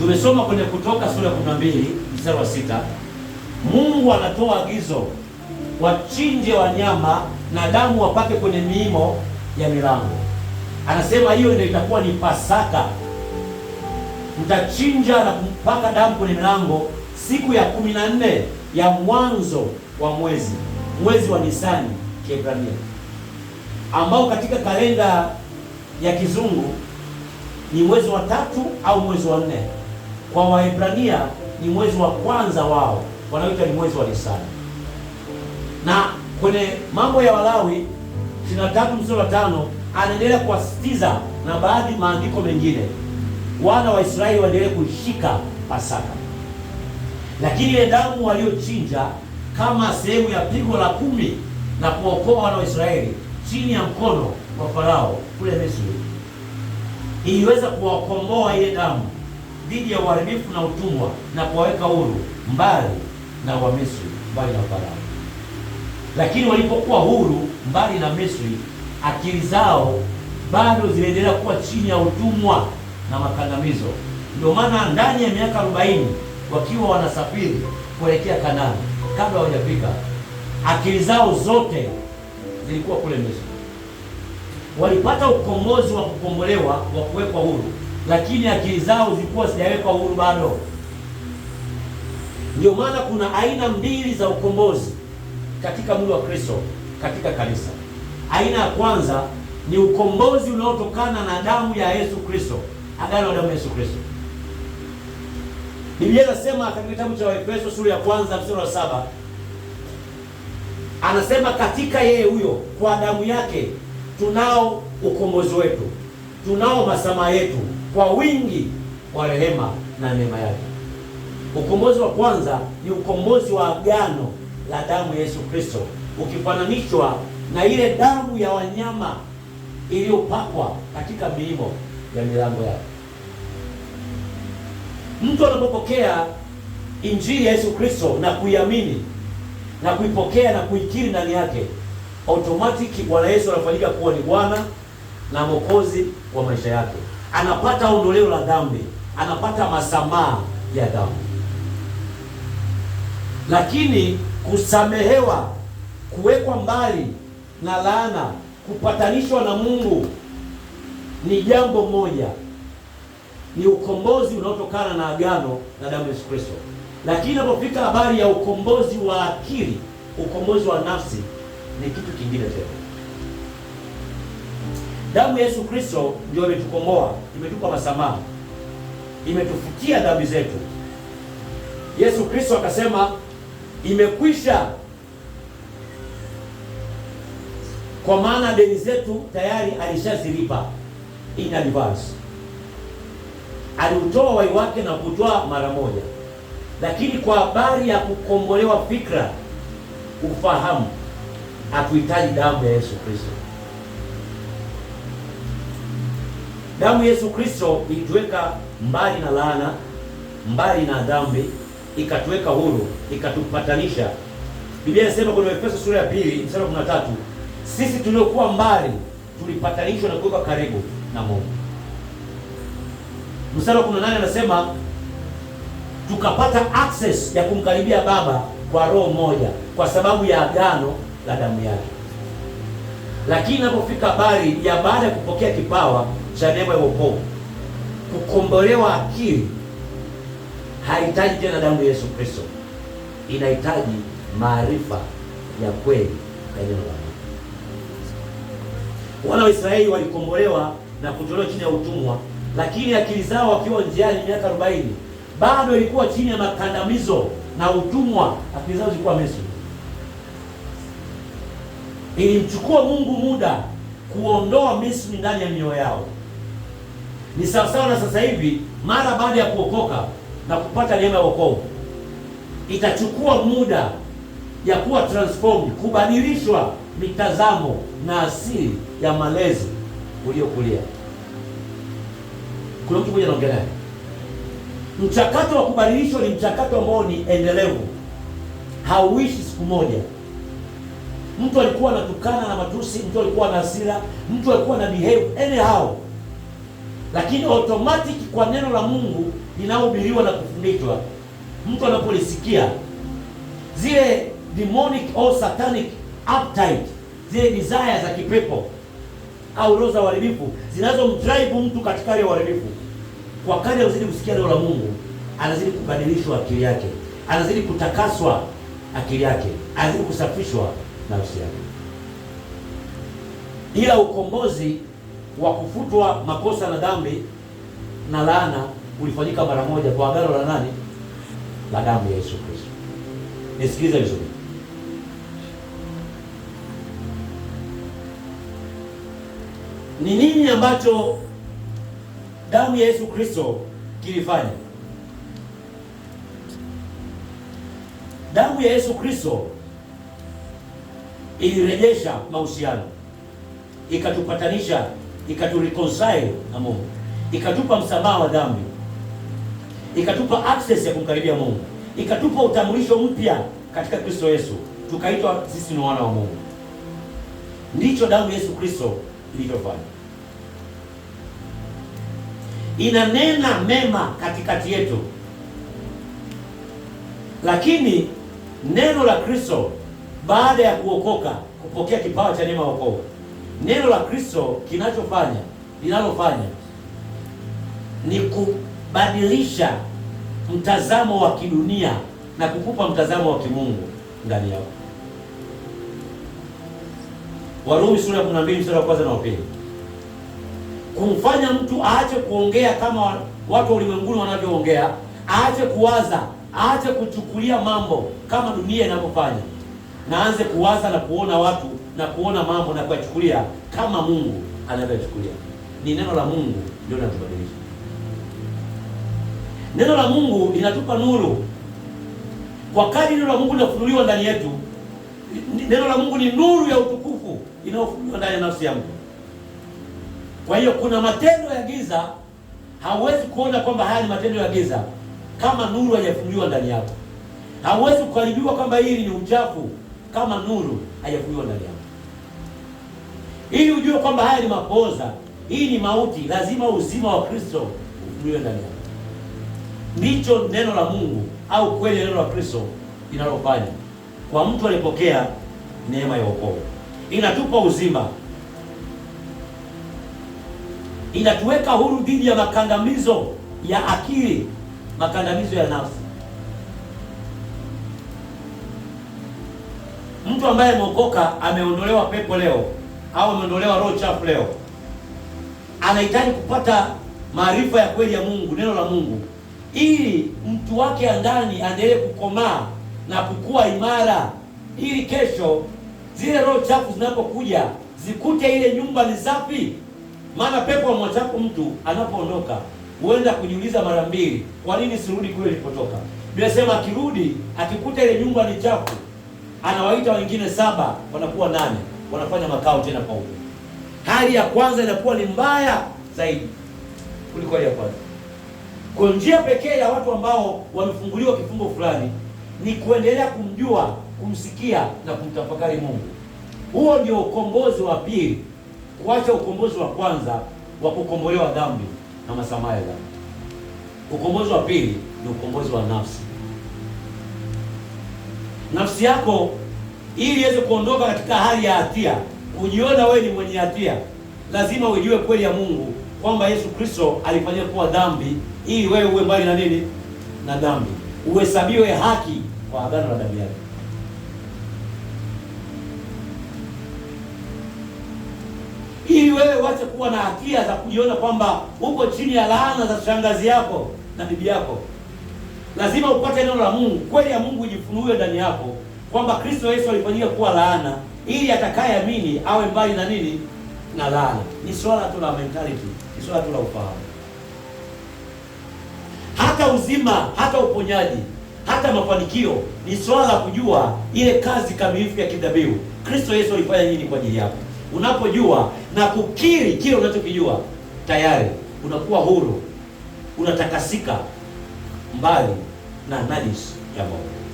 Tumesoma kwenye Kutoka sura ya 12 mstari wa sita, Mungu anatoa agizo wachinje wanyama na damu wapake kwenye miimo ya milango. Anasema hiyo ndio itakuwa ni Pasaka, mtachinja na kumpaka damu kwenye milango siku ya kumi na nne ya mwanzo wa mwezi, mwezi wa Nisani Kiebrania, ambao katika kalenda ya kizungu ni mwezi wa tatu au mwezi wa nne. Kwa Waebrania ni mwezi wa kwanza wao wanaoita ni mwezi wa Nisani, na kwenye mambo ya Walawi 23 mstari wa tano anaendelea kuwasisitiza na baadhi maandiko mengine, wana wa Israeli waendelee kuishika Pasaka, lakini ile damu waliochinja kama sehemu ya pigo la kumi na kuokoa wana wa Israeli chini ya mkono wa Farao kule Misri iliweza kuwakomboa ile damu dhidi ya uharibifu na utumwa na kuwaweka huru mbali na Wamisri, mbali na Farao. Lakini walipokuwa huru mbali na Misri, akili zao bado ziliendelea kuwa chini ya utumwa na makandamizo. Ndio maana ndani ya miaka arobaini wakiwa wanasafiri kuelekea Kanaani, kabla hawajafika, akili zao zote zilikuwa kule Misri. Walipata ukombozi wa kukombolewa, wa kuwekwa huru lakini akili zao zilikuwa zijawekwa huru bado. Ndio maana kuna aina mbili za ukombozi katika mwili wa Kristo, katika kanisa. Aina ya kwanza ni ukombozi unaotokana na damu ya Yesu Kristo, agano la damu ya Yesu Kristo. Biblia inasema katika kitabu cha Waefeso sura ya kwanza mstari wa saba anasema katika yeye huyo, kwa damu yake tunao ukombozi wetu, tunao masamaha yetu kwa wingi wa rehema na neema yake. Ukombozi wa kwanza ni ukombozi wa agano la damu ya Yesu Kristo, ukifananishwa na ile damu ya wanyama iliyopakwa katika miimo ya milango yake Mtu anapopokea injili ya Yesu Kristo na kuiamini na kuipokea na kuikiri ndani yake, automatic Bwana Yesu anafanyika kuwa ni Bwana na Mwokozi wa maisha yake, anapata ondoleo la dhambi, anapata masamaha ya dhambi. Lakini kusamehewa, kuwekwa mbali na laana, kupatanishwa na Mungu ni jambo moja, ni ukombozi unaotokana na agano na damu ya Yesu Kristo. Lakini inapofika habari ya ukombozi wa akili, ukombozi wa nafsi, ni kitu kingine tena. Damu ya Yesu Kristo ndio imetukomboa, imetupa masamaha, imetufutia dhambi zetu. Yesu Kristo akasema imekwisha, kwa maana deni zetu tayari alishazilipa in advance. Aliutoa wai wake na kutoa mara moja, lakini kwa habari ya kukombolewa fikra, ufahamu, hatuhitaji damu ya Yesu Kristo. Damu Yesu Kristo ilituweka mbali na laana, mbali na dhambi, ikatuweka huru, ikatupatanisha. Biblia inasema kwenye Efeso sura ya pili mstari wa 13, sisi tuliokuwa mbali tulipatanishwa na kuwekwa karibu na Mungu. Mstari wa 18 anasema tukapata access ya kumkaribia Baba kwa roho moja kwa sababu ya agano la damu yake. Lakini inapofika habari ya baada ya kupokea kipawa cha neema ya wokovu. Kukombolewa akili haihitaji tena damu ya Yesu Kristo, inahitaji maarifa ya kweli ya neno la Mungu. Wana wa Israeli walikombolewa na kutolewa chini ya utumwa, lakini akili zao wakiwa njiani miaka arobaini bado ilikuwa chini ya makandamizo na utumwa. Akili zao zilikuwa Misri. Ilimchukua Mungu muda kuondoa Misri ndani ya mioyo yao. Ni sawasawa na sasa hivi, mara baada ya kuokoka na kupata neema ya wokovu, itachukua muda ya kuwa transform, kubadilishwa mitazamo na asili ya malezi uliokulia. Kuna mtu mmoja anaongelea mchakato wa kubadilishwa, ni mchakato ambao ni endelevu, hauishi siku moja. Mtu alikuwa anatukana na matusi, mtu alikuwa na hasira, mtu alikuwa na behave anyhow lakini automatic kwa neno la Mungu linahubiriwa na kufundishwa, mtu anapolisikia zile demonic au satanic appetite, zile desire za kipepo au roho za uharibifu zinazomdrive mtu katika ile uharibifu, kwa kadri anazidi kusikia neno la Mungu, anazidi kubadilishwa akili yake, anazidi kutakaswa akili yake, anazidi kusafishwa nafsi yake. Ila ukombozi wa kufutwa makosa na dhambi na laana ulifanyika mara moja kwa agano la nani? La damu ya Yesu Kristo. Nisikilize vizuri. Ni nini ambacho damu ya Yesu Kristo kilifanya? Damu ya Yesu Kristo ilirejesha mahusiano, ikatupatanisha ikatureconcile na Mungu, ikatupa msamaha wa dhambi, ikatupa access ya kumkaribia Mungu, ikatupa utambulisho mpya katika Kristo Yesu, tukaitwa sisi ni wana wa Mungu. Ndicho damu Yesu Kristo ina inanena mema katikati yetu, lakini neno la Kristo baada ya kuokoka, kupokea kipawa cha neema ya wokovu Neno la Kristo kinachofanya linalofanya ni kubadilisha mtazamo wa kidunia na kukupa mtazamo wa kimungu ndani yako. Warumi sura ya 12 mstari wa kwanza na wa pili, kumfanya mtu aache kuongea kama watu ulimwenguni wanavyoongea, aache kuwaza, aache kuchukulia mambo kama dunia inavyofanya, naanze kuwaza na kuona watu na kuona mambo na kuyachukulia kama Mungu anavyochukulia. Ni neno la Mungu ndio linatubadilisha. Neno la Mungu linatupa nuru. Kwa kadri neno la Mungu linafunuliwa ndani yetu, neno la Mungu ni nuru ya utukufu inayofunuliwa ndani ya nafsi ya mtu. Kwa hiyo kuna matendo ya giza, hauwezi kuona kwamba haya ni matendo ya giza kama nuru haijafunuliwa ndani yako. Hauwezi kukaribiwa kwamba hili ni uchafu kama nuru haijafunuliwa ndani yako ili ujue kwamba haya ni mapoza, hii ni mauti. Lazima uzima wa Kristo ufunuliwe ndani yako. Ndicho neno la Mungu au kweli neno la Kristo linalofanya kwa mtu alipokea neema ya wokovu, inatupa uzima, inatuweka huru dhidi ya makandamizo ya akili, makandamizo ya nafsi. Mtu ambaye ameokoka ameondolewa pepo leo au umeondolewa roho chafu leo, anahitaji kupata maarifa ya kweli ya Mungu, neno la Mungu, ili mtu wake ndani aendelee kukomaa na kukua imara, ili kesho zile roho chafu zinapokuja zikute ile nyumba ni safi. Maana pepo mwachafu mtu anapoondoka huenda kujiuliza mara mbili, kwa nini sirudi kule nilipotoka? Bila sema, akirudi akikuta ile nyumba ni chafu, anawaita wengine saba, wanakuwa nane wanafanya makao tena kwa upya. Hali ya kwanza inakuwa ni mbaya zaidi kuliko hali ya kwanza. Kwa njia pekee ya watu ambao wamefunguliwa kifungo fulani ni kuendelea kumjua, kumsikia na kumtafakari Mungu. Huo ndio ukombozi wa pili, kuacha ukombozi wa kwanza wa kukombolewa dhambi na masamaha ya dhambi. Ukombozi wa pili ni ukombozi wa nafsi, nafsi yako ili iweze kuondoka katika hali ya hatia, kujiona wewe ni mwenye hatia, lazima ujue kweli ya Mungu kwamba Yesu Kristo alifanyia kuwa dhambi ili wewe uwe mbali na nini? Na dhambi, uhesabiwe haki kwa agano la damu yake. ili wewe uache kuwa na hatia za kujiona kwamba uko chini ya laana za shangazi yako na bibi yako. Lazima upate neno la Mungu, kweli ya Mungu ijifunue ndani yako, kwamba Kristo Yesu alifanyika kuwa laana ili atakayeamini awe mbali na nini na laana. Ni swala tu la mentality, ni swala tu la ufahamu. Hata uzima, hata uponyaji, hata mafanikio ni swala la kujua ile kazi kamilifu ya kidhabihu Kristo Yesu alifanya nini kwa ajili yako. Unapojua na kukiri kile unachokijua, tayari unakuwa huru, unatakasika mbali na najisi ya Mungu.